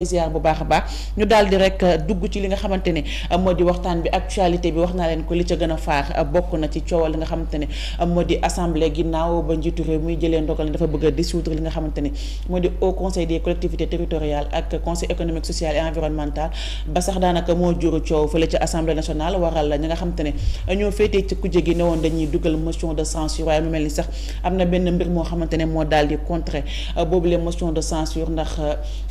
ziar bu baax a baax ñu daal di rek euh, dugg ci li nga xamante ne euh, moo di waxtaan bi actualité bi wax naa leen ko li ca gën a faar euh, bokk na ci coowal li nga xamante ne moo di assemblée ginnaaw ba njiitu réew muy jëlee ndogal ne dafa bëgg a li nga xamante ne moo di haut conseil des collectivités territoriales ak conseil économique social et environnemental ba sax daanaka moo juru coow fële ca assemblée nationale waral ñi nga xamante ne ñoo féetee ci kujje gi ne woon dugal motion de censure waaye mu mel ni sax benn mbir moo xamante ne moo daal di contrer boobu les motion de censure ndax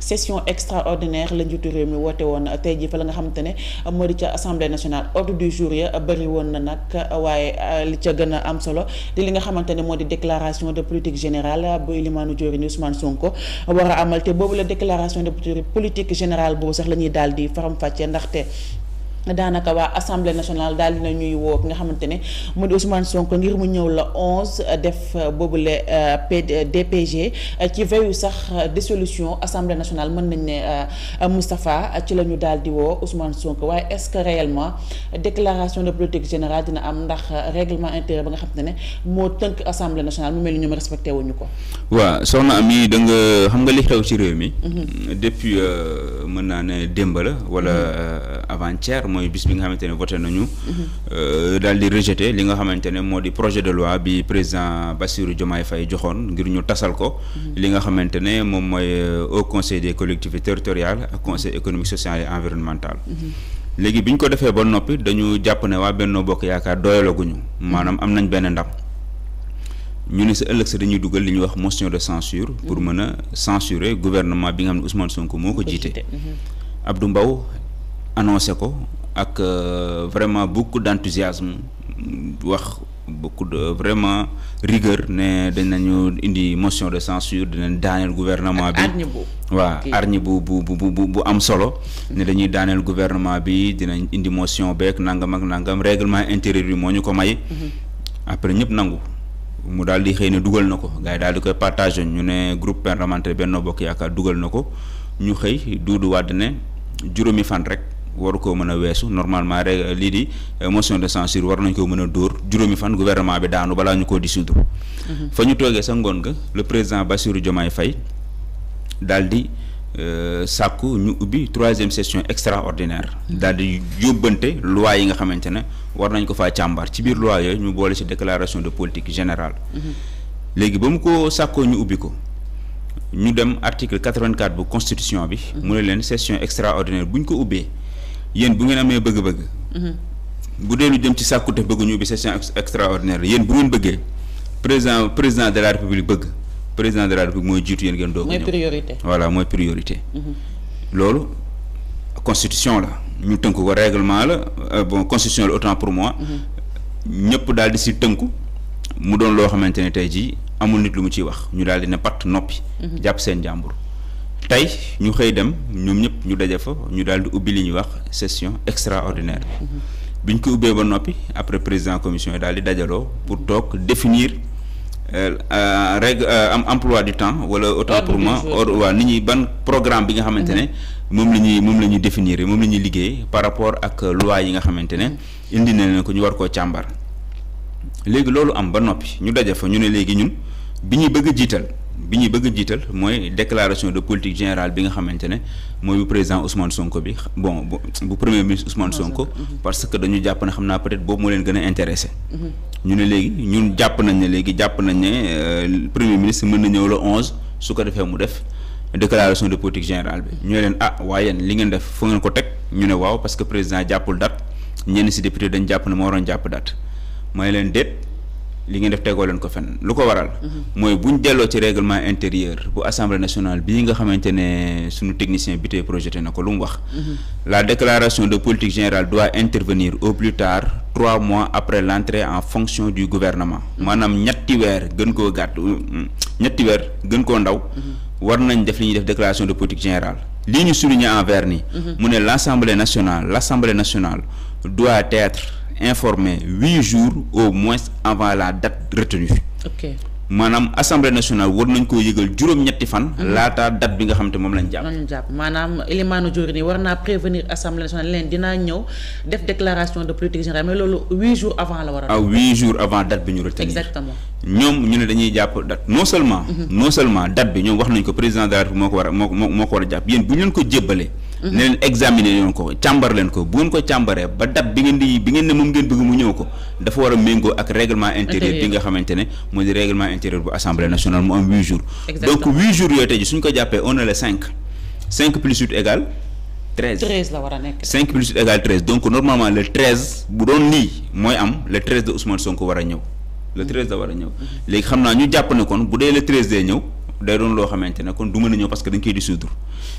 session extra extraordinaire la njiitu réew mi woote woon tey jii fa la nga xamante ne moo di ca assemblée nationale ordre du jour ya bëri woon na nag waaye euh, li ca gën a am solo di li nga xamante ne moo di déclaration de politique générale bu Elimane Diorine Ousmane Sonko war a amal te boobu la déclaration de politique générale boobu sax la ñuy daal di faram-fàccee ndaxte. daanaka waa assemblée nationale daal dina ñuy woo ki nga xamante ne mu di Ousmane Sonko ngir mu ñëw la 11 def boobu boobule euh, DPG euh, ci veyu sax dissolution assemblée nationale mën nañ ne euh, Moustapha ci la ñu daal di woo Ousmane Sonko waaye est-ce que réellement déclaration de politique générale dina am ndax règlement intérieur ba nga xamante ne moo tënk assemblée nationale mu mel ni ñoom respecté wuñu ko. waaw soxna Ami da nga xam nga li xew ci réew mi. Mhm. depuis mën naa ne démb la wala mhm. avant mooy bis bi nga xamante ne voté nañu. Euh, daal di rejeté li nga xamante ne moo di projet de loi bi président Bassirou jomaay fay joxoon ngir ñu tasal ko. li nga xamante ne moom mooy euh, au conseil des collectivités territoriales ak conseil économique social et environnemental. léegi bi ñu ko defee ba noppi dañu jàpp ne waa Benno Bokk Yaakaar doyalaguñu maanaam am nañ benn ndam. ñu ne sa ëllëg sa dañuy dugal li ñuy wax motion de censure pour mën a censurer bi nga xam ne moo ko jiite Abdou Mbow annoncé ak euh, vraiment beaucoup d'enthousiasme wax beaucoup vraiment rigueur ne dañ nañu indi motion de censure dinañ daaneel gouvernement bi waaw arñi bu bu bu bu bu am solo ne dañuy daaneel gouvernement bi dinañ indi motion beek nangam ak nangam réglement intérieur bi moo ñu ko may mhm. après ñëpp nangu mu daal di xëy ne dugal na ko gars yi daal di koy partagé ñu ne groupe parlementaire Benno Bokk Yaakaar dugal na ko ñu xëy Doudou Wade ne juróomi fan rek waru koo mën a weesu normalement rek euh, lii di euh, motion de censure war nañ koo mën a dóor juróomi fan gouvernement bi daanu balaa ñu koo dissoudre mhm. fa ñu toogee sa ngoon nga le président Bassirou Diomaye fay daal di euh, sàkku ñu ubbi troisième session extraordinaire mhm. daal di yóbbante loi yi nga xamante ne war nañ ko faa càmbar ci biir loi yooyu ñu boole ci déclaration de politique générale mhm. léegi ba mu ko sàkkoo ñu ubbi ko ñu dem article 84 bu constitution bi mu ne leen session extraordinaire bu ñu ko ubbee yéen bu ngeen amee bëgg-bëgg. Mhm. bu dee lu jëm ci sàkkute bëgguñu bi session extraordinaire yéen bu ngeen bëggee président président de la république bëgg président de la république mooy jiitu yéen ngeen doog mooy priorité voilà mooy priorité. Mhm. loolu constitution la ñu tënk ko réglement la euh, bon constitution la autant pour moi. Mhm. ñëpp daal di si tënku mu doon loo xamante ne tey jii amul nit lu mu ciy wax ñu daal di ne patt noppi. jàpp seen jàmbur. tey ñu xëy dem ñoom ñëpp ñu daje fa ñu daal di ubbi li ñuy wax session extraordinaire mm-hmm. bi ñu ko ubbee ba noppi après président commission yi daal di dajaloo pour toog définir euh, euh, règle euh, am emploi du temps wala autant pour moi or waa nit ñi ban programme bi nga xamante ne mm-hmm. moom la ñuy moom la ñuy définir moom la ñuy liggéey par rapport ak loi yi nga xamante ne mm-hmm. indi na ko ñu war koo càmbar léegi loolu am ba noppi ñu daje fa ñu ne léegi ñun bi ñuy bëgg a jiital bi ñuy bëgg jiital mooy déclaration de politique générale bi nga xamante ne mooy bu président Ousmane Sonko bi bon bu premier ministre Ousmane Sonko. Mhm. parce que dañu jàpp ne xam naa peut-être boobu moo leen gën a intéressé. Mhm. ñu ne léegi ñun jàpp nañ ne léegi jàpp nañ ne euh, premier ministre mën na ñëw le onze su ko defee mu def déclaration de politique générale bi. ñu leen ah waaye yéen li ngeen def fa ngeen ko teg ñu ne waaw parce que président jàppul date ñenn ci député dañ jàpp ne moo waroon jàpp date mooy leen déet. li nga def tegoo leen ko fenn lu ko waral. Mhm. mooy bu ñu delloo ci réglement intérieur bu assemblée nationale bii nga xamante ne suñu technicien bi tey projeté na ko lu mu wax. Mhm. la déclaration de politique générale doit intervenir au plus tard trois mois après l'entrée en fonction du gouvernement. Mhm. maanaam ñetti weer gën koo gàtt euh, ñetti weer gën koo ndaw. war nañ def li ñuy def déclaration de politique générale. lii ñu souligner en vert ni mu ne l'assemblée nationale l'assemblée nationale doit être. informé huit jours au moins avant la date retenue ok maanaam assemblée nationale war nañ koo yëgal juróom-ñetti fan. Mhm. laataa date bi nga xam te moom lañ jàpp. lañ jàpp maanaam Elimane Diouri nii war naa prévenir assemblée nationale leen dinaa ñëw def déclaration de politique générale mais loolu huit jours avant la war a. ah huit jours avant date bi ñu retenir. exactement ñoom ñu ne dañuy jàpp date non seulement. Mhm. non seulement date bi ñoom wax nañ ko président de la République moo ko war moo ko moo ko war a jàpp ko jébbalee. ne leen examiner yoon ko càmbar leen ko bu ngeen ko càmbaree ba dab bi ngeen di bi ngeen ne moom ngeen bëgg mu ñëw ko dafa war a méngoo ak règlement intérieur bi nga xamante ne moo di règlement intérieur bu assemblée nationale mu am huit jours donc huit jours yooyu tey ji suñ ko jàppee on a les cinq cinq plus huit égale treize treize war a nekk cinq plus huit égale treize donc normalement le treize bu doon lii mooy am le treize de Ousmane Sonko war a ñëw le treize la war a ñëw mhm. léegi xam naa ñu jàpp ne kon bu dee le treize day ñëw day doon loo xamante ne kon du mën ñëw parce que dañ koy dissoudre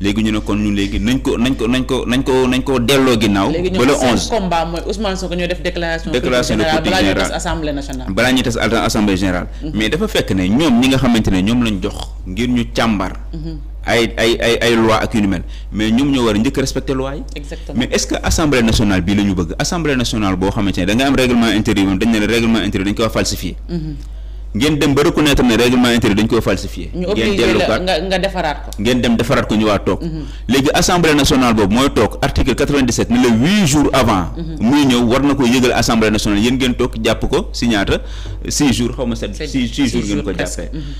léegi ñu ne kon ñun léegi nañ ko nañ ko nañ ko nañ ko nañ ko delloo ginnaaw. ba le onze combat mooy Ousmane Sonko ñoo def déclaration. déclaration de politique générale balaa ñuy tas assemblée nationale. balaa mhm. mais dafa fekk ne ñoom ñi nga xamante ne ñoom lañ jox ngir ñu càmbar. Mhm. ay ay ay ay loi ak yu ni mel mais ñoom ñoo war a njëkk respecter loi yi. est-ce nationale bii la bëgg assemblée nationale boo xamante ne da am règlement intérieur dañ ne règlement ngeen dem ba reconnaître ne règlement intérieur dañ koy falsifié. ngeen dem defaraat ko ñu waa toog. Mhm. léegi assemblée nationale boobu mooy toog article 97 ne le huit jours avant. Mhm. muy ñëw war na ko yëgal assemblée nationale yéen ngeen toog jàpp ko si ñaata six xaw ma sept. six six jours ngeen ko jàppee. Mhm.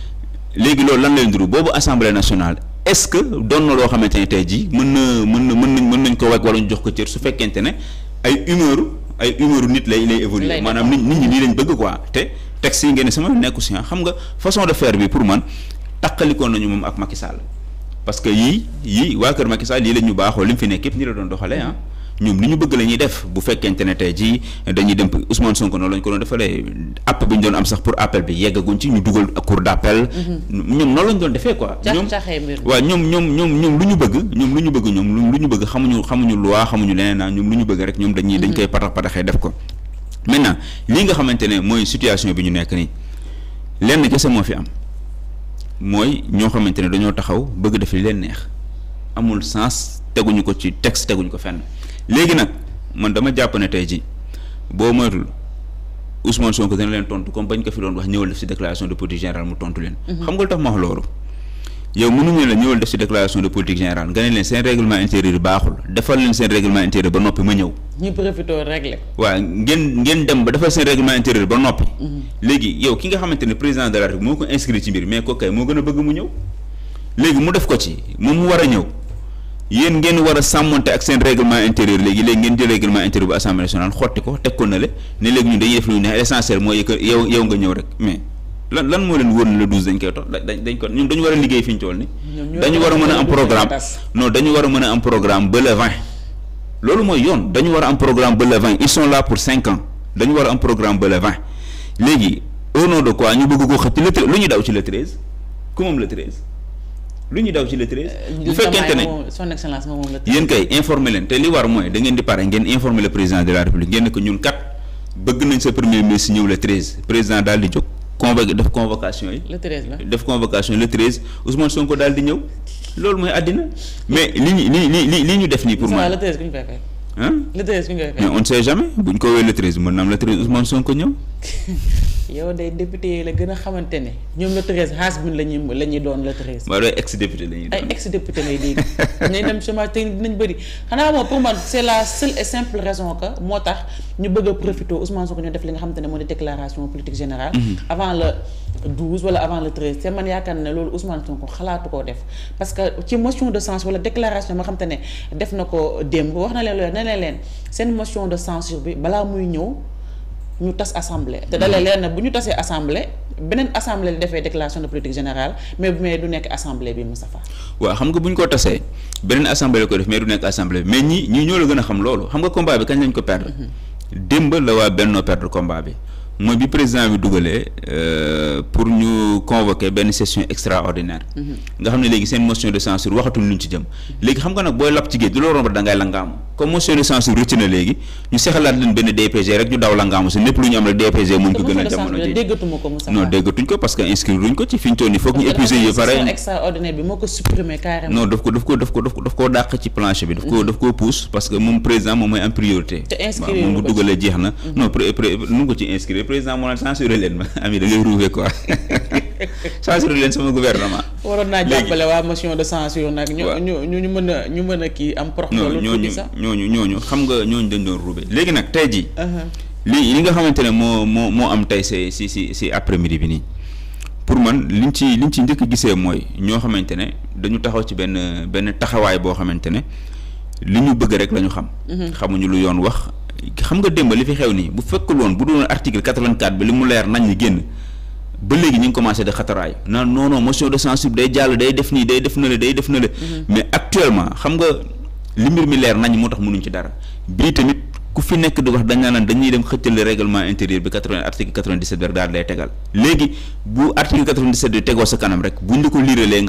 léegi loolu lan lay nduru boobu assemblée nationale est-ce que doon na loo xamante ne tey jii mën na mën na mën nañ mën nañ ko wekk wala ñu jox ko cër su fekkente ne ay humeur ay humeur nit lay lay évoluer maanaam nit nit bëgg quoi texte yi ngeen ne sama nekku si xam nga façon de faire bi pour man taqalikoon nañu moom ak Macky Sall yii yii waa kër Macky Sall lii ñu baaxoo li mu fi nekk yëpp ni la doon doxalee ah. ñoom li ñu bëgg bu fekkente ne tey jii dañuy ko doon defalee app bi ñu doon ñu dugal cour d' appel. Mm-hmm. ñoom ñu doon defee lu ñu bëgg ñoom lu ñu bëgg ñoom lu ñu bëgg xamuñu xamuñu loi xamuñu leneen ah. ñoom lu ñu bëgg rek ñoom dañuy dañ mm-hmm. koy patax pataxee def ko maintenant lii nga xamante ne mooy situation bi ñu nekk nii lenn kese moo fi am mooy ñoo xamante ne dañoo taxaw bëgg def li leen neex amul sens teguñu ko ci texte teguñu ko fenn léegi nag man dama jàpp ne tey ji boo moytul Ousmane Sonko dina leen tontu comme bañ ko fi doon wax ñëwal def si déclaration de politique générale mu tontu leen. Mhm. xam nga lu tax ma wax loolu. yow mënuñu la ñëwal def si déclaration de politique générale nga ne leen seen règlement baaxul defal leen seen règlement intérieur ba noppi ma ñëw. ñu profité réglé. waaw ngeen ngeen dem ba dafa seen règlement intérieur ba noppi. Mm-hmm. léegi yow ki nga xamante ne président de la moo ko inscrit ci mbir mais ko kay moo gën a bëgg mu ñëw. léegi mu def ko ci moom mu war a ñëw yéen ngeen war a sàmmonte ak seen règlement intérieur léegi léegi ngeen jël règlement intérieur bu assemblée nationale xotti ko teg ko na le ne léegi ñun dañuy def lu ne l'essentiel mooy que yow nga ñëw rek mais. lan lan moo leen wóor ne le douze ñu toll ni a mën a am programme dañu war a a am programme ba le loolu mooy yoon dañu war a am programme ba le vingt ils sont là pour cinq ans dañu war a am programme ba le vingt léegi au no de quoi ñu bëgg ko xëcc le lu ñu daw ci le treize moom le treize lu ñu daw ci le treize euh, bu fekkente ne son excellence moom la yéen kay informer leen te li war mooy da ngeen di pare ngeen informer le président de la république ngeen ne ko ñun kat bëgg nañ sa premier ministre ñëw le treize président daal di jóg convoqué def convocation yi. le treize la def convocation le treize Ousmane Sonko daal di ñëw. loolu mooy àddina mais li ñu li li li ñu def nii pour moi. le treize ku ñu koy fay. le treize ku ñu koy mais on ne jamais bu ñu ko wéyee le treize mën na am le treize Ousmane Sonko ñëw. yow day député la gën a xamante ne ñoom le treize xaas bi la ñuy la doon le treize. mooy doon ex député ngay dégg. dinañ dem chômage technique dinañ bëri xanaa moom pour man c' la seule et raison que moo tax ñu bëgg a profité Ousmane Sonko ñoo def li nga xamante ne moo di déclaration politique générale. Mm-hmm. avant le douze wala avant le treize. te man yaakaar ne loolu Ousmane Sonko xalaatu koo def parce que ci motion de sens wala déclaration ma xamante ne def na ko démb wax na leen loolu ne leen leen seen motion de censure bi balaa muy ñëw. ñu tas assemblée te dalee leer na bu ñu tasee assemblée beneen assemblée li defee déclaration de politique générale mais mais du nekk assemblée bi Moustapha waaw xam nga bu ñu ko tasee beneen assemblée la ko def mais du nekk assemblée mais ñi ñi ñoo la gën a xam loolu xam nga combat bi kañ lañ ko perdre mhm. démb la waa bennoo perdre combat bi mooy bi président bi dugale euh, pour ñu convoquer benn session extraordinaire. Mm-hmm. nga xam ne léegi seen motion de censure waxatul luñ ci jëm. léegi xam nga nag booy lap ci du la romb da ngay langaamu comme motion de censure rëcc na léegi ñu seexalaat leen benn DPG rek ñu daaw langaamu si lépp lu ñu am rek DPG muñ ko gën a jamono ji déggatuma ko non parce que inscrire luñ ko ci fi ñu toll nii foog ñu épuiser yi pare session daf ko daf ko daf ko daf ci planche mm-hmm. na. non mm-hmm. nu président moo naan censuré leen ma ami da ngay ruube quoi censuré leen sama gouvernement. waroon naa jàppale waa motion de censure nag. waaw ñu ñu mën a ñu mën a kii am. proxmoolu ñooñu ñooñu ñooñu xam nga ñooñu dañ doon ruube léegi nag tey jii. Uh-huh. li li nga xamante ne moo moo moo am tey si si si si après midi bi nii pour man liñ ci liñ ci njëkk gisee mooy ñoo xamante ne dañu taxaw ci benn benn taxawaay boo xamante ne li ñu bëgg rek la ñu xam. Uh-huh. xamuñu lu yoon wax. xam nga démb li fi xew nii bu fekkul woon bu doon article quatre-vingt-quatre bi li mu leer nañ ñi génn ba léegi ñu ngi commencé de xataraay non non non motion de censure day jàll day def nii day def na le day def na le mm-hmm. mais actuellement xam nga li mbir mi leer nañ moo tax mënuñ ci dara bii tamit ku fi nekk di wax dañ naan dañuy dem xëccale règlement intérieur bi 80 article 97 bi rek daal lay tegal léegi bu article 97 bi tegoo sa nga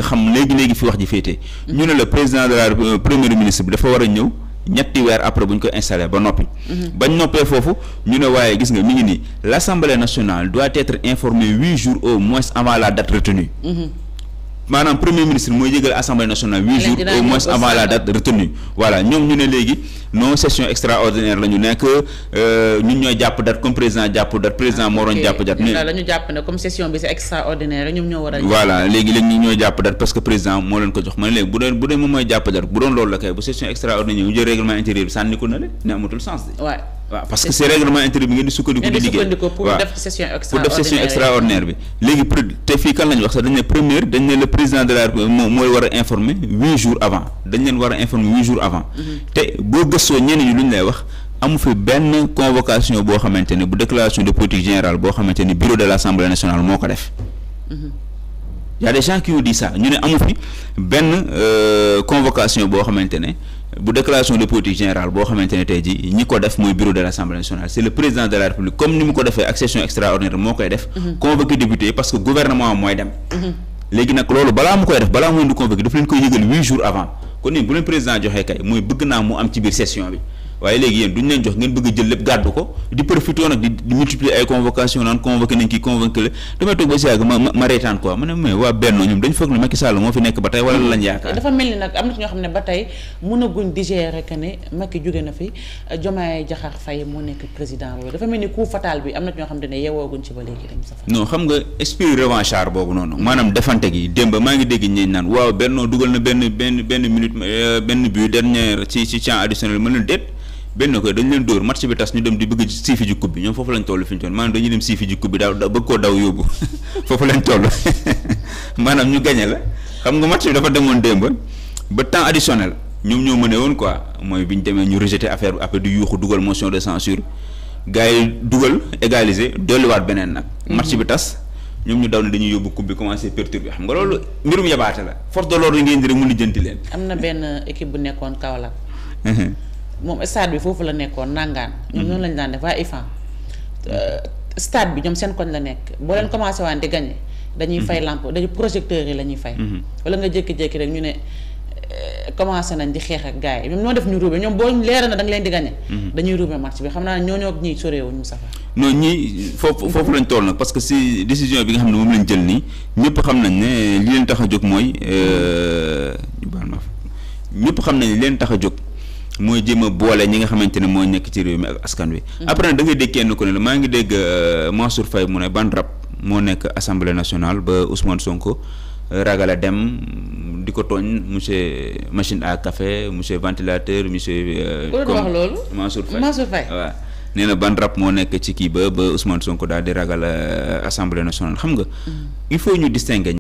xam léegi léegi fi wax ji féetee. Mm-hmm. ñu ne la président de la euh, premier ministre bi a ñëw. ñetti weer après bu ñu ko installé ba noppi. Mhm. bañ noppee foofu ñu ne waaye gis nga mi ngi nii l' assemblée nationale doit être informée huit jours au moins avant la date retenue. Mhm. maanaam premier ministre mooy yëgal assemblée nationale huit jours au moins avant la date retenue voilà ñoom ñu ne léegi non session extraordinaire la nekk euh, ñun ñooy jàpp date comme président jàpp date président moo doon ah, jàpp date. mais la ne comme session bi c'est extraordinaire ñoom a. léegi léegi ñu ñooy jàpp date parce que président moo leen ko jox ma ne léegi bu dee moom mooy jàpp date bu doon loolu la kay bu session extraordinaire ñu jël règlement intérieur bi sànni waaw parce que c'est règlement intérieur bi ngeen di sukkandiku di liggéey pour def session extraordinaire bi léegi pr te fii kan lañ wax sax dañ ne première dañ ne le président de la mooy war a informer huit jours avant dañ leen war a informer huit jours avant mhm. te boo gëstoo ñenn ñi lu ñu lay wax amu fi benn convocation boo xamante ne bu déclaration de politique générale boo xamante ne bureau de l'Assemblée nationale moo ko def mhm. y a des gens qui ont dit ñu ne amu fi benn euh, convocation boo xamante ne bu déclaration de politique générale boo xamante ne ji ñi ko def mooy bureau de l' nationale c' le président de la république comme ni mu ko defee ak session extraordinaire moo koy def mm-hmm. convoqué député parce que gouvernement mooy dem mm-hmm. léegi nag loolu balaa mu koy def balaa mu leen di convoqué daf leen koy yëgal huit jours avant kon ni bu leen président joxee kay mooy bëgg naa mu am ci biir session bi waaye léegi yéen duñ leen jox ngeen bëgg a jël lépp gàddu ko di profité nag di multiplier ay convocation naan convoqué nañ kii convoqué moo fi nekk ba tey wala lañ yaakaar dafa mel ni nag am ne ba tey mën a guñ digérer que ne Macky na fi Diomaye Diakhar Faye moo nekk président boobu dafa mel ni coup fatal bi am na ci ñoo xam ne yeewooguñ ci ba léegi dem sa non xam nga esprit revanchard boobu noonu maanaam defante gi démb maa ngi dégg ñeen naan waaw bennoo dugal na benn benn benn minute euh, benn but dernière ci ci temps additionnel mën na déet benn ko dañu leen dóor match bi tas ñu dem di bëgg siifi ji coupe bi ñoom foofu lañ toll fi ñu toll maanaam dañuy dem maanaam ñu gagné la xam nga match bi dafa demoon démb ba temps additionnel ñoom ñoo mëne woon quoi mooy bi ñu demee ñu rejeté affaire bi après di yuuxu dugal motion de censure gars yi dugal égaliser dolliwaat beneen nag. Mhm. match bi tas. ñoom ñu daw ne dañuy yóbbu coupe bi commencé perturber xam nga loolu mbirum yabaate la force de l'ordre yi ngeen di rek mu lijjanti leen. am na benn équipe bu nekkoon Kaolack. Mhm. moom stade bi foofu la nekkoon nangaan ñoom mhm. noonu lañu daan def waa IFAN euh, stade bi ñoom seen koñ la nekk boo leen commencé waan di gagné dañuy fay mhm. lampe dañuy projecteurs yi la ñuy fay mhm. wala nga jékki-jékki rek ñu ne euh, commencé nañ di xeex ak gars yi ñoom noo def ñu ruube ñoom boo leera na da leen di gagné dañuy ruube match bi xam naa ñoo ñoo ñiy soréewuñ mu safa non ñii foofu foofu lañ toll na parce que si décision bi nga xam ne moom lañ jël nii ñëpp xam nañ ne li leen tax a jóg mooy euh, ñu xam nañ li leen tax a jóg mooy jéem a boole ñi nga xamante ne mooy nekk ci réew mi ak askan wi. Mm-hmm. après da ngay dégg kenn ku ne la maa ngi dégg euh, Mansour Faye mu ne ban moo nekk assemblée nationale ba Ousmane Sonko euh, ragal a dem di ko tooñ monsieur machine à café monsieur ventilateur monsieur. Euh, comme wax loolu Mansour Faye Mansour nee na ban moo nekk ci kii ba ba Ousmane Sonko daal di ragal assemblée nationale xam nga. Mm-hmm. il faut ñu distinguer.